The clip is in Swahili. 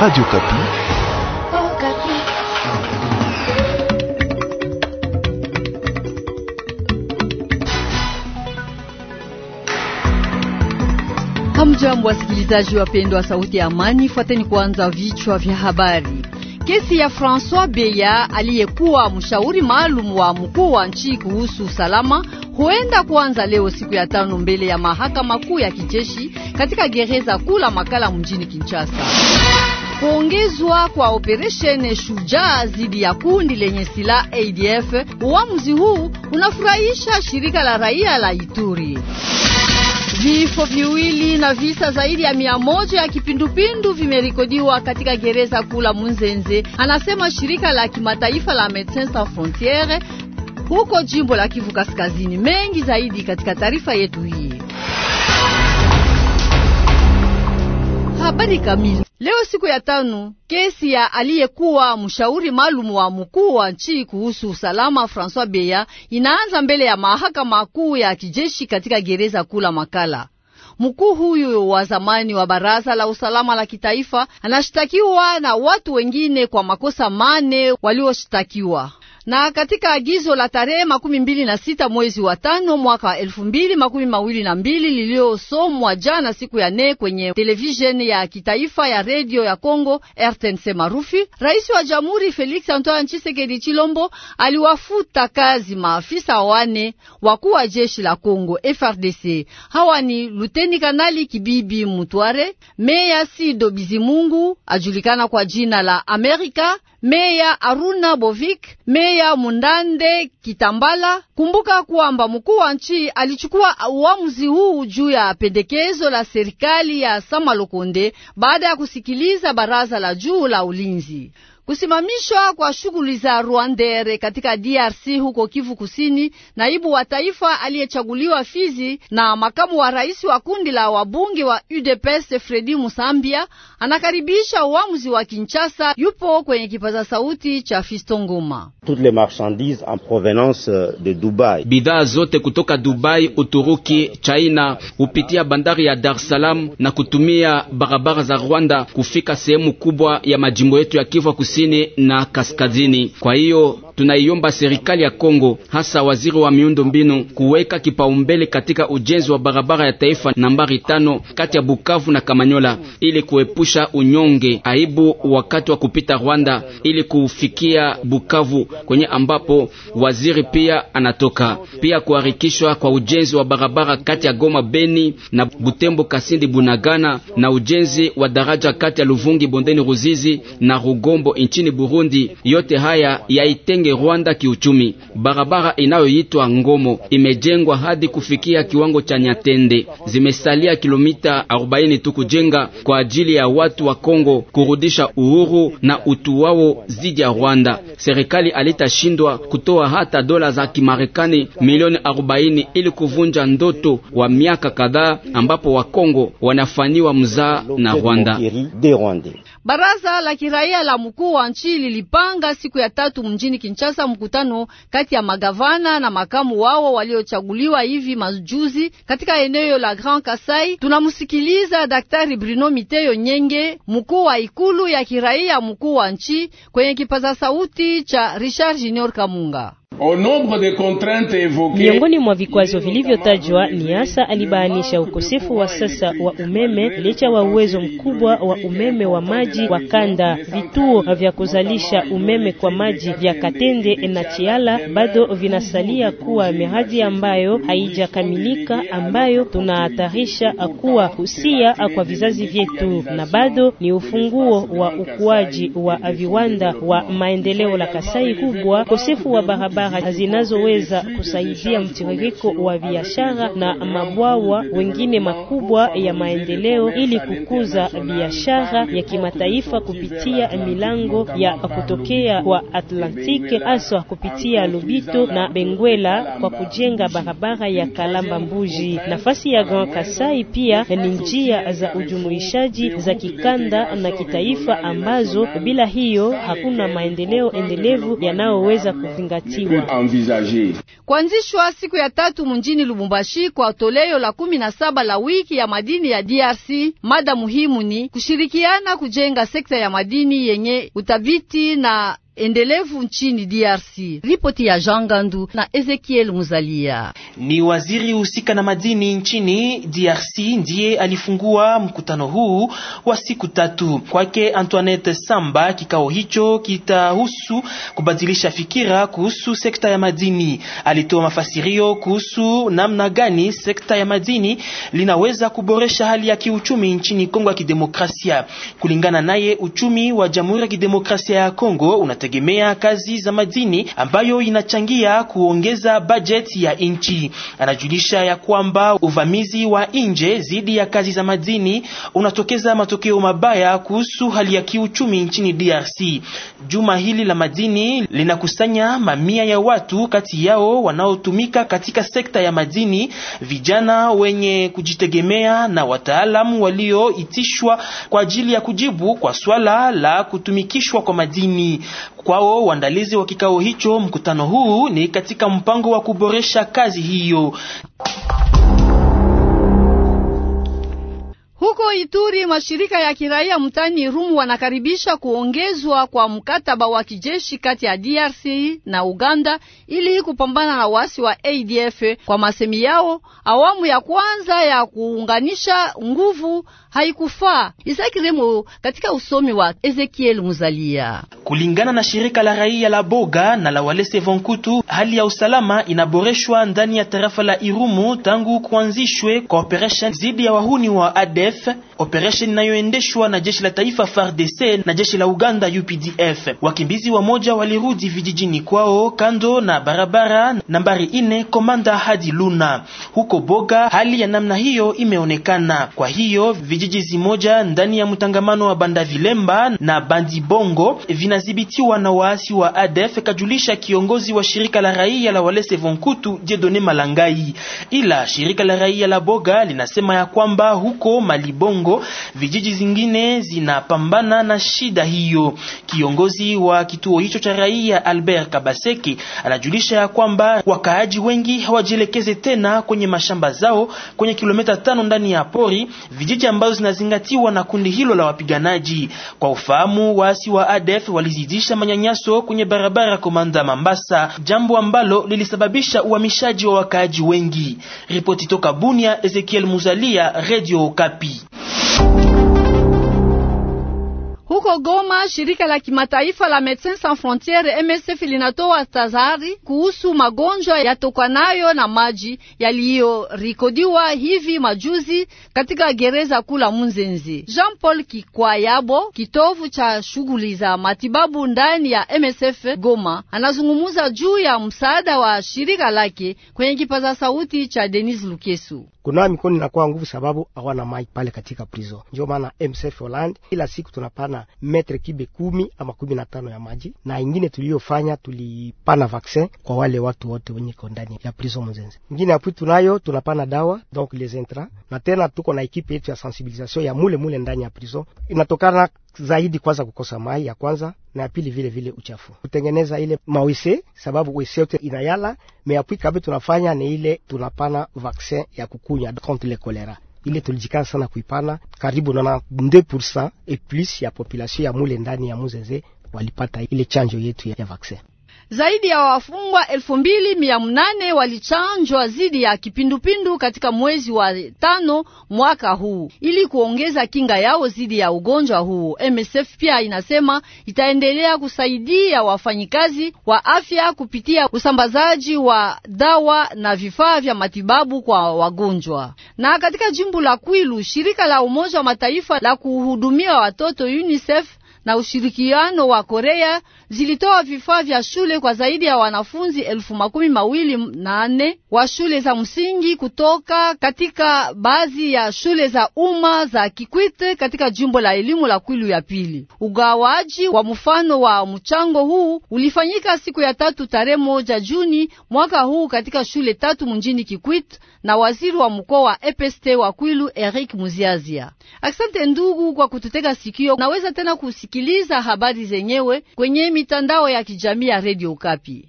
Radio Kapi. Oh, Kapi. Hamjambo wasikilizaji wapendwa sauti ya amani, fuateni kwanza vichwa vya habari. Kesi ya François Beya aliyekuwa mshauri maalum wa mkuu wa nchi kuhusu usalama huenda kuanza leo siku ya tano mbele ya mahakama kuu ya kijeshi katika gereza kuu la Makala mjini Kinshasa kuongezwa kwa operesheni Shujaa dhidi ya kundi lenye silaha ADF. Uamuzi huu unafurahisha shirika la raia la Ituri. Vifo viwili na visa zaidi ya mia moja ya kipindupindu vimerekodiwa katika gereza kuu la Munzenze, anasema shirika la kimataifa la Medecins Sans Frontieres huko jimbo la Kivu Kaskazini. Mengi zaidi katika taarifa yetu hii. Habari kamili Leo siku ya tano, kesi ya aliyekuwa mshauri maalum wa mkuu wa nchi kuhusu usalama François Beya inaanza mbele ya mahakama kuu ya kijeshi katika gereza kula Makala. Mkuu huyu wa zamani wa baraza la usalama la kitaifa anashtakiwa na watu wengine kwa makosa mane walioshtakiwa na katika agizo la tarehe makumi mbili na sita mwezi wa tano mwaka elfu mbili makumi mawili na mbili liliosomwa jana siku ya nne kwenye televisheni ya kitaifa ya redio ya Kongo RTNC marufi, rais wa jamhuri Felix Antoine chisekedi Chilombo aliwafuta kazi maafisa wane wakuu wa jeshi la Kongo FRDC. Hawa ni luteni kanali Kibibi Mutware, meya Sido Bizimungu ajulikana kwa jina la Amerika meya Aruna Bovik, meya Mundande Kitambala. Kumbuka kwamba mkuu wa nchi alichukua uamuzi huu juu ya pendekezo la serikali ya Samalokonde baada ya kusikiliza baraza la juu la ulinzi. Kusimamishwa kwa shughuli za Rwandere katika DRC huko Kivu Kusini. Naibu wa taifa aliyechaguliwa Fizi na makamu wa rais wa kundi la wabunge wa UDPS Fredi Musambia anakaribisha uamuzi wa Kinshasa. Yupo kwenye kipaza sauti cha fisto Ngoma. Bidhaa zote kutoka Dubai, Uturuki, China hupitia bandari ya Dar es Salaam na kutumia barabara za Rwanda kufika sehemu kubwa ya majimbo yetu ya Kivu Kusini kusini na kaskazini. Kwa hiyo Tunaiomba serikali ya Kongo, hasa waziri wa miundo mbinu, kuweka kipaumbele katika ujenzi wa barabara ya taifa nambari tano kati ya Bukavu na Kamanyola, ili kuepusha unyonge, aibu wakati wa kupita Rwanda, ili kufikia Bukavu kwenye ambapo waziri pia anatoka. Pia kuharikishwa kwa ujenzi wa barabara kati ya Goma Beni na Butembo Kasindi Bunagana, na ujenzi wa daraja kati ya Luvungi bondeni Ruzizi na Rugombo nchini Burundi. Yote haya yaitenge ijenge Rwanda kiuchumi. Barabara inayoitwa Ngomo imejengwa hadi kufikia kiwango cha Nyatende. Zimesalia kilomita 40 tu kujenga kwa ajili ya watu wa Kongo kurudisha uhuru na utu wao zidi ya Rwanda. Serikali alitashindwa kutoa hata dola za Kimarekani milioni 40 ili kuvunja ndoto wa miaka kadhaa ambapo Wakongo wanafanyiwa mzaa na Rwanda. Baraza la kiraia la mkuu wa nchi lilipanga siku ya tatu mjini Kinshasa mkutano kati ya magavana na makamu wao waliochaguliwa hivi majuzi katika eneo la Grand Kasai. Tunamsikiliza Daktari Bruno Miteyo Nyenge, mkuu wa ikulu ya kiraia mkuu wa nchi kwenye kipaza sauti cha Richard Junior Kamunga. Miongoni mwa vikwazo vilivyotajwa ni hasa, alibainisha ukosefu wa sasa wa umeme licha wa uwezo mkubwa wa umeme wa maji wa kanda. Vituo vya kuzalisha umeme kwa maji vya Katende na Chiala bado vinasalia kuwa miradi ambayo haijakamilika, ambayo tunahatarisha kuwa husia kwa vizazi vyetu, na bado ni ufunguo wa ukuaji wa viwanda wa maendeleo la Kasai kubwa, ukosefu wa barabara barabara zinazoweza kusaidia mtiririko wa biashara na mabwawa wengine makubwa ya maendeleo ili kukuza biashara ya kimataifa kupitia milango ya kutokea kwa atlantike haswa kupitia Lubito na Benguela kwa kujenga barabara ya Kalamba Mbuji. Nafasi ya Grand Kasai pia ni njia za ujumuishaji za kikanda na kitaifa ambazo bila hiyo hakuna maendeleo endelevu yanayoweza kuzingatiwa kuanzishwa siku ya tatu mjini Lubumbashi kwa toleo la kumi na saba la wiki ya madini ya DRC. Mada muhimu ni kushirikiana kujenga sekta ya madini yenye utabiti na endelevu nchini DRC. Ripoti ya Jean Gandu na Ezekiel Muzalia. Ni waziri husika na madini nchini DRC ndiye alifungua mkutano huu wa siku tatu. Kwake Antoinette Samba, kikao hicho kitahusu kubadilisha fikira kuhusu sekta ya madini. Alitoa mafasirio kuhusu namna gani sekta ya madini linaweza kuboresha hali ya kiuchumi nchini Kongo ya Kidemokrasia. Kulingana naye, uchumi wa Jamhuri ya Kidemokrasia ya Kongo unate kutegemea kazi za madini ambayo inachangia kuongeza bajeti ya nchi. Anajulisha ya kwamba uvamizi wa nje dhidi ya kazi za madini unatokeza matokeo mabaya kuhusu hali ya kiuchumi nchini DRC. Juma hili la madini linakusanya mamia ya watu, kati yao wanaotumika katika sekta ya madini, vijana wenye kujitegemea na wataalamu walioitishwa kwa ajili ya kujibu kwa swala la kutumikishwa kwa madini. Kwao uandalizi wa kikao hicho, mkutano huu ni katika mpango wa kuboresha kazi hiyo. Huko Ituri mashirika ya kiraia mtani Irumu wanakaribisha kuongezwa kwa mkataba wa kijeshi kati ya DRC na Uganda ili kupambana na wasi wa ADF. Kwa masemi yao, awamu ya kwanza ya kuunganisha nguvu haikufaa. Isakiremo katika usomi wa Ezekiel Muzalia. Kulingana na shirika la raia la Boga na la Walese Vonkutu, hali ya usalama inaboreshwa ndani ya tarafa la Irumu tangu kuanzishwe kwa operation dhidi ya wahuni wa ADF, operation inayoendeshwa na jeshi la taifa FARDC na jeshi la Uganda UPDF. Wakimbizi wa moja walirudi vijijini kwao kando na barabara nambari ine Komanda hadi Luna. Huko Boga hali ya namna hiyo imeonekana. Kwa hiyo vijiji zimoja ndani ya mtangamano wa Banda Vilemba na Bandi Bongo vina inadhibitiwa na waasi wa ADF, kajulisha kiongozi wa shirika la raia la Walese Vonkutu Jedone Malangai. Ila shirika la raia la Boga linasema ya kwamba huko Malibongo vijiji zingine zinapambana na shida hiyo. Kiongozi wa kituo hicho cha raia Albert Kabaseki anajulisha ya kwamba wakaaji wengi hawajielekeze tena kwenye mashamba zao kwenye kilomita tano ndani ya pori, vijiji ambazo zinazingatiwa na kundi hilo la wapiganaji. Kwa ufahamu waasi wa ADF wali alizidisha manyanyaso kwenye barabara Komanda Mambasa, jambo ambalo lilisababisha uhamishaji wa wakaaji wengi. Ripoti toka Bunia, Ezekiel Muzalia, Radio Okapi. Huko Goma, shirika la kimataifa la Medecins Sans Frontieres MSF linatoa tazari kuhusu magonjwa yatokanayo na maji yaliyorikodiwa hivi majuzi katika gereza kula Munzenzi. Jean Paul Kikwayabo, kitovu cha shughuli za matibabu ndani ya MSF Goma, anazungumuza juu ya msaada wa shirika lake kwenye kipaza sauti cha Denis Lukesu. Kuna mikono inakuwa nguvu sababu hawana maji pale katika prison. Ndio maana MSF Holland kila siku tunapana na metre kibe kumi ama kumi na tano ya maji, na ingine tuliyofanya tulipana vaksin kwa wale watu wote wenye ko ndani ya prison Mzenze. Ingine yapwi tunayo tunapana dawa donc les intra, na tena tuko na ekipe yetu ya sensibilisation ya mule mule ndani ya prison, inatokana zaidi kwanza kukosa mai ya kwanza na ya pili vile vile uchafu, kutengeneza ile mawese, sababu wese yote inayala meapwi kabe tunafanya ni ile tunapana vaksin ya kukunya contre le kolera ile tulijikana sana kuipana karibu na 2% et plus ya population ya mule ndani ya Muzeze walipata ile chanjo yetu ya vaksin. Zaidi ya wafungwa elfu mbili mia mnane walichanjwa zidi ya kipindupindu katika mwezi wa tano mwaka huu ili kuongeza kinga yao zidi ya ugonjwa huu. MSF pia inasema itaendelea kusaidia wafanyikazi wa afya kupitia usambazaji wa dawa na vifaa vya matibabu kwa wagonjwa. Na katika jimbo la Kwilu, shirika la Umoja wa Mataifa la kuhudumia watoto UNICEF na ushirikiano wa Korea zilitoa vifaa vya shule kwa zaidi ya wanafunzi elfu makumi mawili na nne wa shule za msingi kutoka katika baadhi ya shule za umma za Kikwite katika jimbo la elimu la Kwilu ya pili. Ugawaji wa mfano wa mchango huu ulifanyika siku ya tatu tarehe moja Juni mwaka huu katika shule tatu mjini kikwite na waziri wa mkoa wa EPST wa Kwilu Eric Muziazia. Asante ndugu kwa kututega sikio. Naweza tena kusikiliza habari zenyewe kwenye mitandao ya kijamii ya Radio Kapi.